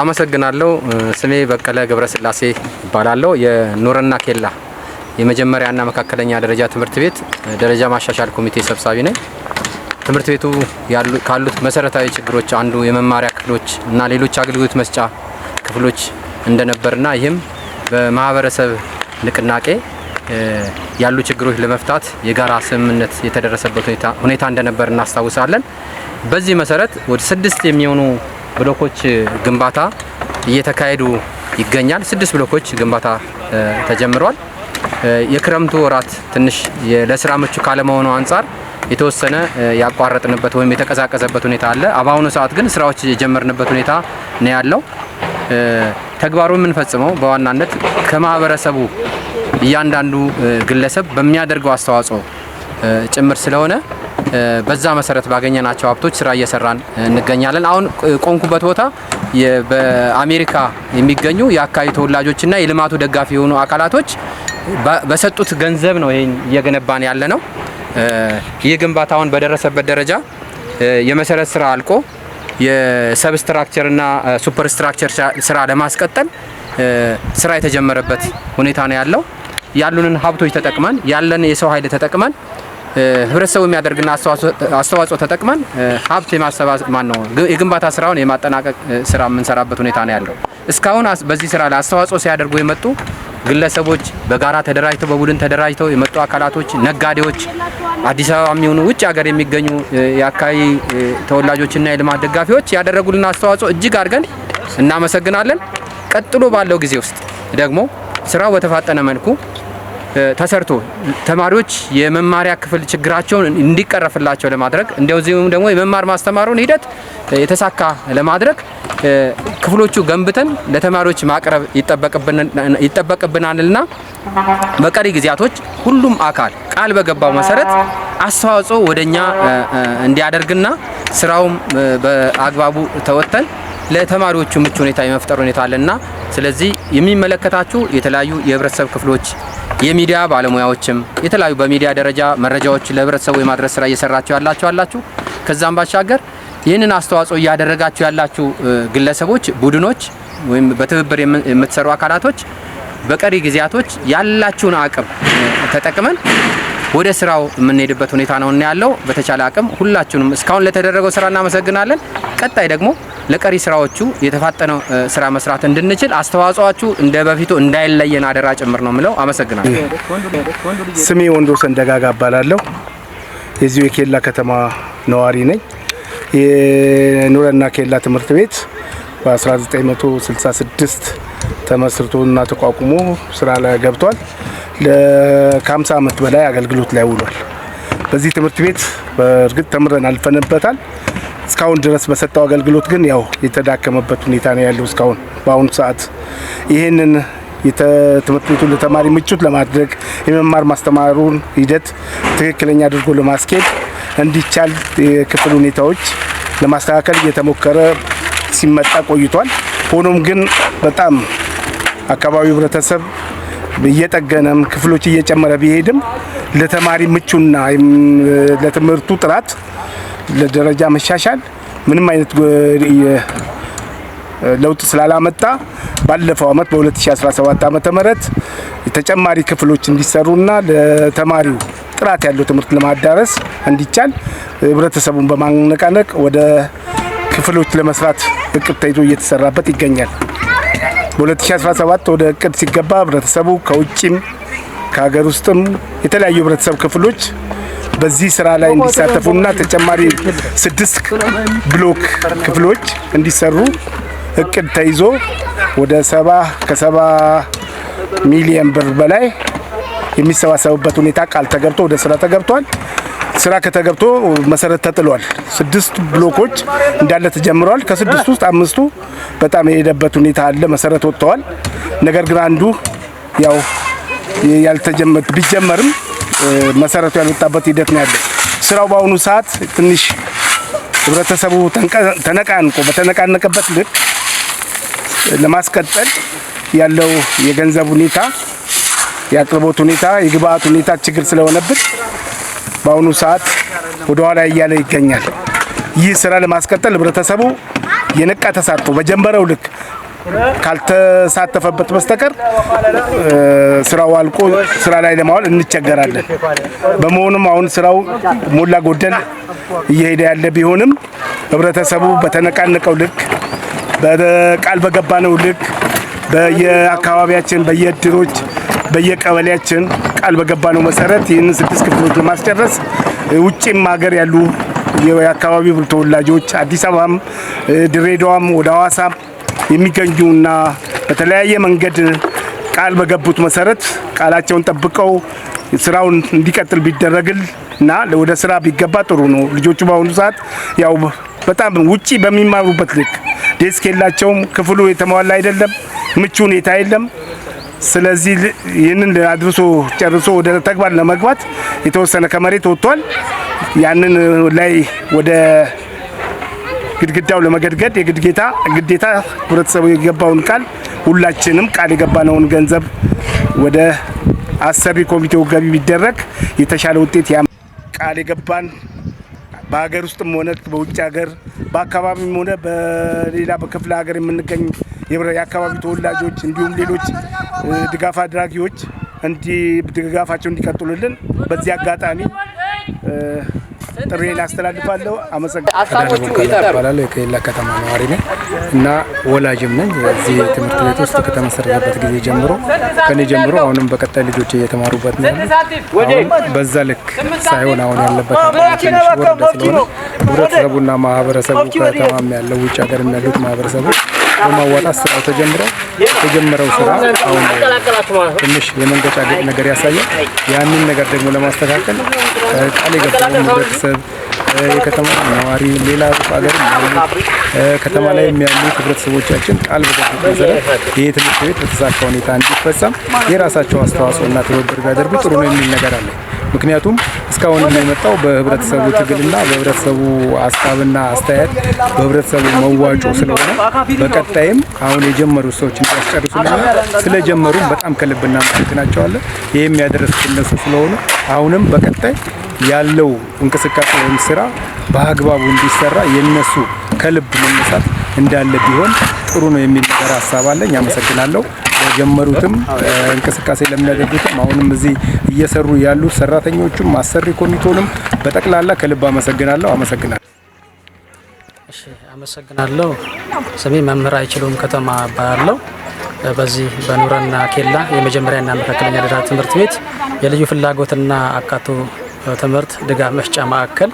አመሰግናለሁ። ስሜ በቀለ ገብረስላሴ ይባላለሁ። የኑርና ኬላ የመጀመሪያና መካከለኛ ደረጃ ትምህርት ቤት ደረጃ ማሻሻል ኮሚቴ ሰብሳቢ ነኝ። ትምህርት ቤቱ ካሉት መሰረታዊ ችግሮች አንዱ የመማሪያ ክፍሎች እና ሌሎች አገልግሎት መስጫ ክፍሎች እንደነበርና ይህም በማህበረሰብ ንቅናቄ ያሉ ችግሮች ለመፍታት የጋራ ስምምነት የተደረሰበት ሁኔታ እንደነበር እናስታውሳለን። በዚህ መሰረት ወደ ስድስት የሚሆኑ ብሎኮች ግንባታ እየተካሄዱ ይገኛል። ስድስት ብሎኮች ግንባታ ተጀምሯል። የክረምቱ ወራት ትንሽ ለስራ ምቹ ካለመሆኑ አንጻር የተወሰነ ያቋረጥንበት ወይም የተቀዛቀዘበት ሁኔታ አለ። በአሁኑ ሰዓት ግን ስራዎች የጀመርንበት ሁኔታ ነው ያለው። ተግባሩ የምንፈጽመው በዋናነት ከማህበረሰቡ እያንዳንዱ ግለሰብ በሚያደርገው አስተዋጽኦ ጭምር ስለሆነ በዛ መሰረት ባገኘናቸው ሀብቶች ስራ እየሰራን እንገኛለን። አሁን ቆንኩበት ቦታ በአሜሪካ የሚገኙ የአካባቢ ተወላጆችና የልማቱ ደጋፊ የሆኑ አካላቶች በሰጡት ገንዘብ ነው ይህን እየገነባን ያለ ነው። ይህ ግንባታ አሁን በደረሰበት ደረጃ የመሰረት ስራ አልቆ የሰብስትራክቸርና ሱፐርስትራክቸር ስራ ለማስቀጠል ስራ የተጀመረበት ሁኔታ ነው ያለው። ያሉንን ሀብቶች ተጠቅመን ያለን የሰው ኃይል ተጠቅመን ህብረተሰቡ የሚያደርግና አስተዋጽኦ ተጠቅመን ሀብት የማሰባሰብ ማን ነው የግንባታ ስራውን የማጠናቀቅ ስራ የምንሰራበት ሁኔታ ነው ያለው። እስካሁን በዚህ ስራ ላይ አስተዋጽኦ ሲያደርጉ የመጡ ግለሰቦች፣ በጋራ ተደራጅተው በቡድን ተደራጅተው የመጡ አካላቶች፣ ነጋዴዎች፣ አዲስ አበባ የሚሆኑ ውጭ ሀገር የሚገኙ የአካባቢ ተወላጆችና የልማት ደጋፊዎች ያደረጉልን አስተዋጽኦ እጅግ አድርገን እናመሰግናለን። ቀጥሎ ባለው ጊዜ ውስጥ ደግሞ ስራው በተፋጠነ መልኩ ተሰርቶ ተማሪዎች የመማሪያ ክፍል ችግራቸውን እንዲቀረፍላቸው ለማድረግ እንደዚሁም ደግሞ የመማር ማስተማሩን ሂደት የተሳካ ለማድረግ ክፍሎቹ ገንብተን ለተማሪዎች ማቅረብ ይጠበቅብናልና በቀሪ ጊዜያቶች ሁሉም አካል ቃል በገባው መሰረት አስተዋጽኦ ወደኛ እንዲያደርግና ስራውም በአግባቡ ተወጥተን ለተማሪዎቹ ምቹ ሁኔታ የመፍጠር ሁኔታ አለና ስለዚህ የሚመለከታችሁ የተለያዩ የህብረተሰብ ክፍሎች የሚዲያ ባለሙያዎችም የተለያዩ በሚዲያ ደረጃ መረጃዎች ለህብረተሰቡ የማድረስ ስራ እየሰራችሁ ያላችሁ አላችሁ። ከዛም ባሻገር ይህንን አስተዋጽኦ እያደረጋችሁ ያላችሁ ግለሰቦች፣ ቡድኖች ወይም በትብብር የምትሰሩ አካላቶች በቀሪ ጊዜያቶች ያላችሁን አቅም ተጠቅመን ወደ ስራው የምንሄድበት ሁኔታ ነው ያለው። በተቻለ አቅም ሁላችሁንም እስካሁን ለተደረገው ስራ እናመሰግናለን። ቀጣይ ደግሞ ለቀሪ ስራዎቹ የተፋጠነ ስራ መስራት እንድንችል አስተዋጽኦአችሁ እንደ በፊቱ እንዳይለየን አደራ ጭምር ነው የምለው። አመሰግናለሁ። ስሜ ወንዶሰን ደጋጋ እባላለሁ። የዚሁ የኬላ ከተማ ነዋሪ ነኝ። የኑረና ኬላ ትምህርት ቤት በ1966 ተመስርቶና ተቋቁሞ ስራ ላይ ገብቷል። ከ50 ዓመት በላይ አገልግሎት ላይ ውሏል። በዚህ ትምህርት ቤት በእርግጥ ተምረን አልፈንበታል። እስካሁን ድረስ በሰጠው አገልግሎት ግን ያው የተዳከመበት ሁኔታ ነው ያለው። እስካሁን በአሁኑ ሰዓት ይህንን ትምህርት ቤቱን ለተማሪ ምቹት ለማድረግ የመማር ማስተማሩን ሂደት ትክክለኛ አድርጎ ለማስኬድ እንዲቻል የክፍል ሁኔታዎች ለማስተካከል እየተሞከረ ሲመጣ ቆይቷል። ሆኖም ግን በጣም አካባቢው ህብረተሰብ እየጠገነም ክፍሎች እየጨመረ ቢሄድም ለተማሪ ምቹና ለትምህርቱ ጥራት ለደረጃ መሻሻል ምንም አይነት ለውጥ ስላላመጣ ባለፈው አመት በ2017 ዓመተ ምህረት ተጨማሪ ክፍሎች እንዲሰሩና ለተማሪው ጥራት ያለው ትምህርት ለማዳረስ እንዲቻል ህብረተሰቡን በማነቃነቅ ወደ ክፍሎች ለመስራት እቅድ ተይዞ እየተሰራበት ይገኛል። በ2017 ወደ እቅድ ሲገባ ህብረተሰቡ ከውጭም ከሀገር ውስጥም የተለያዩ ህብረተሰብ ክፍሎች በዚህ ስራ ላይ እንዲሳተፉና ተጨማሪ ስድስት ብሎክ ክፍሎች እንዲሰሩ እቅድ ተይዞ ወደ ሰባ ከሰባ ሚሊየን ብር በላይ የሚሰባሰብበት ሁኔታ ቃል ተገብቶ ወደ ስራ ተገብቷል። ስራ ከተገብቶ መሰረት ተጥሏል። ስድስት ብሎኮች እንዳለ ተጀምረዋል። ከስድስት ውስጥ አምስቱ በጣም የሄደበት ሁኔታ አለ፣ መሰረት ወጥተዋል። ነገር ግን አንዱ ያው ያልተጀመረ ቢጀመርም መሰረቱ ያልወጣበት ሂደት ነው ያለው። ስራው በአሁኑ ሰዓት ትንሽ ህብረተሰቡ ተነቃንቆ በተነቃነቀበት ልክ ለማስቀጠል ያለው የገንዘብ ሁኔታ፣ የአቅርቦት ሁኔታ፣ የግብአት ሁኔታ ችግር ስለሆነብን በአሁኑ ሰዓት ወደኋላ እያለ ይገኛል። ይህ ስራ ለማስቀጠል ህብረተሰቡ የነቃ ተሳትፎ በጀንበረው ልክ ካልተሳተፈበት በስተቀር ስራው አልቆ ስራ ላይ ለማዋል እንቸገራለን። በመሆኑም አሁን ስራው ሞላ ጎደል እየሄደ ያለ ቢሆንም ህብረተሰቡ በተነቃነቀው ልክ በቃል በገባነው ልክ በየአካባቢያችን በየእድሮች በየቀበሌያችን ቃል በገባነው መሰረት ይህን ስድስት ክፍሎች ለማስጨረስ ውጭም ሀገር ያሉ የአካባቢው ተወላጆች አዲስ አበባም፣ ድሬዳዋም ወደ ሐዋሳም የሚገኙና በተለያየ መንገድ ቃል በገቡት መሰረት ቃላቸውን ጠብቀው ስራውን እንዲቀጥል ቢደረግል እና ወደ ስራ ቢገባ ጥሩ ነው። ልጆቹ በአሁኑ ሰዓት ያው በጣም ውጪ በሚማሩበት ልክ ዴስክ የላቸውም፣ ክፍሉ የተሟላ አይደለም፣ ምቹ ሁኔታ የለም። ስለዚህ ይህንን አድርሶ ጨርሶ ወደ ተግባር ለመግባት የተወሰነ ከመሬት ወጥቷል። ያንን ላይ ወደ ግድግዳው ለመገድገድ የግድጌታ ግዴታ ህብረተሰቡ የገባውን ቃል ሁላችንም ቃል የገባነውን ገንዘብ ወደ አሰሪ ኮሚቴው ገቢ ቢደረግ የተሻለ ውጤት ያ ቃል የገባን በሀገር ውስጥም ሆነ በውጭ ሀገር በአካባቢም ሆነ በሌላ በክፍለ ሀገር የምንገኝ የአካባቢ ተወላጆች እንዲሁም ሌሎች ድጋፍ አድራጊዎች ድጋፋቸው እንዲቀጥሉልን በዚህ አጋጣሚ ጥሪ ላስተላልፋለሁ። አመሰግናለሁ። የከሌላ ከተማ ነዋሪ ነኝ እና ወላጅም ነኝ። እዚህ ትምህርት ቤት ውስጥ ከተመሰረተበት ጊዜ ጀምሮ ከኔ ጀምሮ አሁንም በቀጣይ ልጆች እየተማሩበት ነው። በዛ ልክ ሳይሆን አሁን ያለበት ወረደ ስለሆነ ህብረተሰቡና ማህበረሰቡ ከተማም ያለው ውጭ ሀገር ያሉት ማህበረሰቡ በማዋጣት ስራው ተጀምሯል። የተጀመረው ስራ አሁን ትንሽ የመንገጫገጭ ነገር ያሳያል። ያንን ነገር ደግሞ ለማስተካከል ቃል የገባው ህብረተሰብ የከተማ ነዋሪ፣ ሌላ ሩቅ ሀገር ከተማ ላይ የሚያሉ ህብረተሰቦቻችን ቃል በገቡት መሰረት ይህ ትምህርት ቤት በተሳካ ሁኔታ እንዲፈጸም የራሳቸው አስተዋጽኦና ትብብር ቢያደርጉ ጥሩ ነው የሚል ነገር አለ። ምክንያቱም እስካሁን የመጣው በህብረተሰቡ ትግልና በህብረተሰቡ ሀሳብና አስተያየት በህብረተሰቡ መዋጮ ስለሆነ በቀጣይም አሁን የጀመሩ ሰዎች እንዲያስጨርሱልና ስለጀመሩ በጣም ከልብ እናመሰግናቸዋለን። ይህም ያደረሱት እነሱ ስለሆኑ አሁንም በቀጣይ ያለው እንቅስቃሴ ወይም ስራ በአግባቡ እንዲሰራ የነሱ ከልብ መነሳት እንዳለ ቢሆን ጥሩ ነው የሚል ነገር ሀሳብ አለኝ። አመሰግናለሁ። ለጀመሩትም እንቅስቃሴ ለሚያደርጉትም አሁንም እዚህ እየሰሩ ያሉ ሰራተኞቹም አሰሪ ኮሚቴውንም በጠቅላላ ከልብ አመሰግናለሁ። አመሰግናለሁ። እሺ፣ አመሰግናለሁ። ስሜ መምህር አይችሉም ከተማ ባለው በዚህ በኑረና ኬላ የመጀመሪያና መካከለኛ ደረጃ ትምህርት ቤት የልዩ ፍላጎትና አካቶ ትምህርት ድጋፍ መስጫ ማዕከል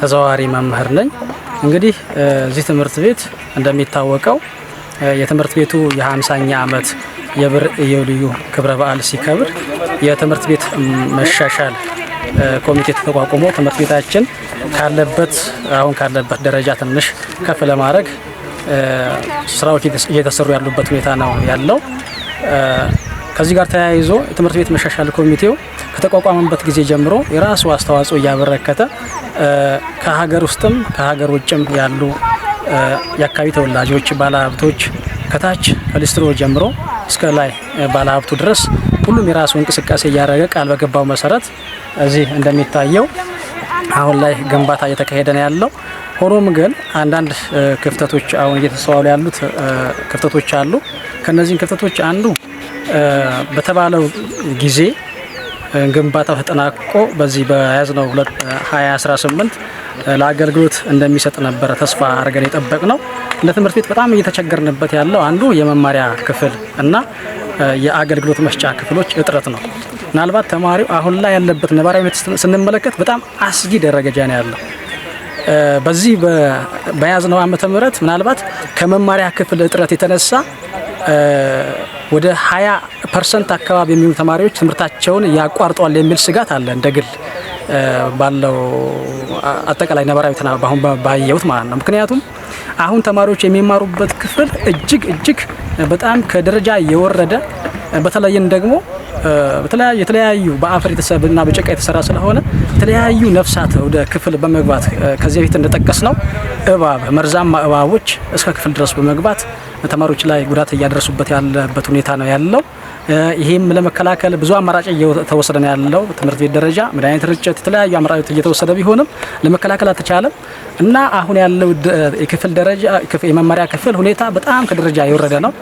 ተዘዋዋሪ መምህር ነኝ። እንግዲህ እዚህ ትምህርት ቤት እንደሚታወቀው የትምህርት ቤቱ የ50ኛ ዓመት የብር ኢዮልዩ ክብረ በዓል ሲከብር የትምህርት ቤት መሻሻል ኮሚቴ ተቋቁሞ ትምህርት ቤታችን ካለበት አሁን ካለበት ደረጃ ትንሽ ከፍ ለማድረግ ስራዎች እየተሰሩ ያሉበት ሁኔታ ነው ያለው። ከዚህ ጋር ተያይዞ የትምህርት ቤት መሻሻል ኮሚቴው ከተቋቋመበት ጊዜ ጀምሮ የራሱ አስተዋጽኦ እያበረከተ ከሀገር ውስጥም ከሀገር ውጭም ያሉ የአካባቢ ተወላጆች፣ ባለሀብቶች ከታች ከሊስትሮ ጀምሮ እስከ ላይ ባለሀብቱ ድረስ ሁሉም የራሱ እንቅስቃሴ እያደረገ ቃል በገባው መሰረት እዚህ እንደሚታየው አሁን ላይ ግንባታ እየተካሄደ ነው ያለው። ሆኖም ግን አንዳንድ ክፍተቶች አሁን እየተስተዋሉ ያሉት ክፍተቶች አሉ። ከነዚህም ክፍተቶች አንዱ በተባለው ጊዜ ግንባታው ተጠናቆ በዚህ በያዝነው 2018 ለአገልግሎት እንደሚሰጥ ነበረ ተስፋ አድርገን የጠበቅ ነው። ለትምህርት ቤት በጣም እየተቸገርንበት ያለው አንዱ የመማሪያ ክፍል እና የአገልግሎት መስጫ ክፍሎች እጥረት ነው። ምናልባት ተማሪው አሁን ላይ ያለበት ነባራዊ ሁኔታ ስንመለከት በጣም አስጊ ደረጃ ነው ያለው። በዚህ በያዝነው ዓመተ ምህረት ምናልባት ከመማሪያ ክፍል እጥረት የተነሳ ወደ 20 ፐርሰንት አካባቢ የሚሆኑ ተማሪዎች ትምህርታቸውን ያቋርጠዋል የሚል ስጋት አለ። እንደ ግል ባለው አጠቃላይ ነባራዊ አሁን ባየሁት ማለት ነው። ምክንያቱም አሁን ተማሪዎች የሚማሩበት ክፍል እጅግ እጅግ በጣም ከደረጃ የወረደ በተለይም ደግሞ የተለያዩ በአፈር እና በጭቃ የተሰራ ስለሆነ የተለያዩ ነፍሳት ወደ ክፍል በመግባት ከዚህ በፊት እንደጠቀስ ነው እባብ መርዛማ እባቦች እስከ ክፍል ድረስ በመግባት ተማሪዎች ላይ ጉዳት እያደረሱበት ያለበት ሁኔታ ነው ያለው። ይህም ለመከላከል ብዙ አማራጭ እየተወሰደ ነው ያለው። ትምህርት ቤት ደረጃ መድኃኒት ርጭት፣ የተለያዩ አማራጮች እየተወሰደ ቢሆንም ለመከላከል አልተቻለም እና አሁን ያለው የክፍል ደረጃ የመማሪያ ክፍል ሁኔታ በጣም ከደረጃ የወረደ ነው።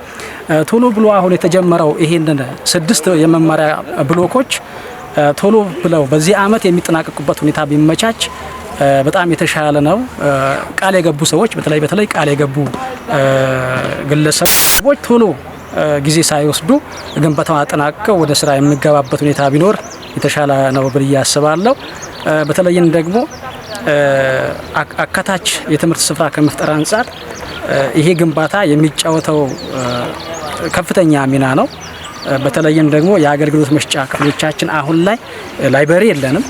ቶሎ ብሎ አሁን የተጀመረው ይህንን ስድስት የመማሪያ ብሎኮች ቶሎ ብለው በዚህ አመት የሚጠናቀቁበት ሁኔታ ቢመቻች በጣም የተሻለ ነው። ቃል የገቡ ሰዎች በተለይ በተለይ ቃል የገቡ ግለሰቦች ቶሎ ጊዜ ሳይወስዱ ግንባታውን አጠናቅቀው ወደ ስራ የሚገባበት ሁኔታ ቢኖር የተሻለ ነው ብዬ አስባለሁ። በተለይም ደግሞ አካታች የትምህርት ስፍራ ከመፍጠር አንጻር ይሄ ግንባታ የሚጫወተው ከፍተኛ ሚና ነው። በተለይም ደግሞ የአገልግሎት መስጫ ክፍሎቻችን አሁን ላይ ላይበሪ የለንም፣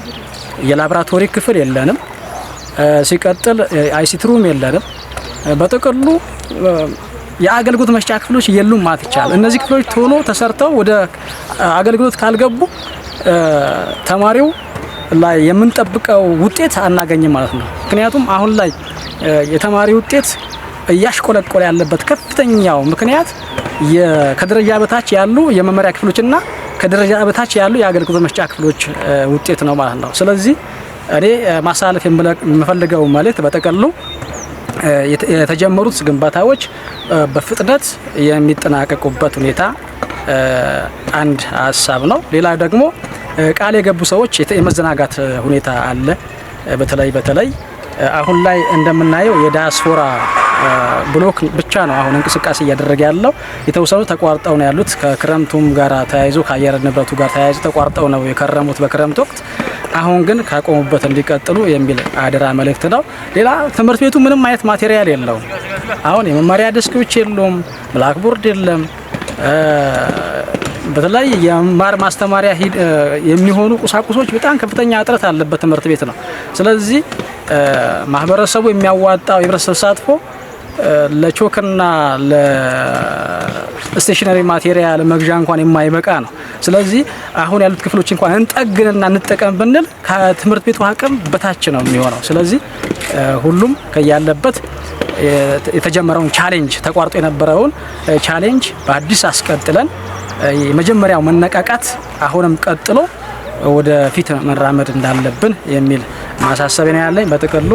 የላብራቶሪ ክፍል የለንም፣ ሲቀጥል አይሲትሩም የለንም። በጥቅሉ የአገልግሎት መስጫ ክፍሎች የሉም ማለት ይቻላል። እነዚህ ክፍሎች ቶሎ ተሰርተው ወደ አገልግሎት ካልገቡ ተማሪው ላይ የምንጠብቀው ውጤት አናገኝም ማለት ነው። ምክንያቱም አሁን ላይ የተማሪ ውጤት እያሽቆለቆለ ያለበት ከፍተኛው ምክንያት ከደረጃ በታች ያሉ የመመሪያ ክፍሎችና ከደረጃ በታች ያሉ የአገልግሎት መስጫ ክፍሎች ውጤት ነው ማለት ነው። ስለዚህ እኔ ማሳለፍ የምፈልገው መልእክት በጠቀሉ የተጀመሩት ግንባታዎች በፍጥነት የሚጠናቀቁበት ሁኔታ አንድ ሀሳብ ነው። ሌላ ደግሞ ቃል የገቡ ሰዎች የመዘናጋት ሁኔታ አለ። በተለይ በተለይ አሁን ላይ እንደምናየው የዲያስፖራ ብሎክ ብቻ ነው አሁን እንቅስቃሴ እያደረገ ያለው። የተወሰኑ ተቋርጠው ነው ያሉት። ከክረምቱም ጋር ተያይዞ ከአየር ንብረቱ ጋር ተያይዞ ተቋርጠው ነው የከረሙት በክረምት ወቅት አሁን ግን ካቆሙበት እንዲቀጥሉ የሚል አደራ መልእክት ነው። ሌላ ትምህርት ቤቱ ምንም አይነት ማቴሪያል የለውም። አሁን የመማሪያ ዴስኮች የሉም፣ ብላክቦርድ የለም። በተለይ የመማር ማስተማሪያ የሚሆኑ ቁሳቁሶች በጣም ከፍተኛ እጥረት አለበት ትምህርት ቤት ነው። ስለዚህ ማህበረሰቡ የሚያዋጣው የህብረተሰብ ተሳትፎ ለቾክና ስቴሽነሪ ማቴሪያል መግዣ እንኳን የማይበቃ ነው። ስለዚህ አሁን ያሉት ክፍሎች እንኳን እንጠግንና እንጠቀም ብንል ከትምህርት ቤቱ አቅም በታች ነው የሚሆነው። ስለዚህ ሁሉም ከያለበት የተጀመረውን ቻሌንጅ ተቋርጦ የነበረውን ቻሌንጅ በአዲስ አስቀጥለን የመጀመሪያው መነቃቃት አሁንም ቀጥሎ ወደፊት መራመድ እንዳለብን የሚል ማሳሰቢያ ያለኝ። በጥቅሉ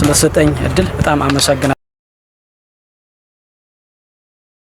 ስለተሰጠኝ እድል በጣም አመሰግናለሁ።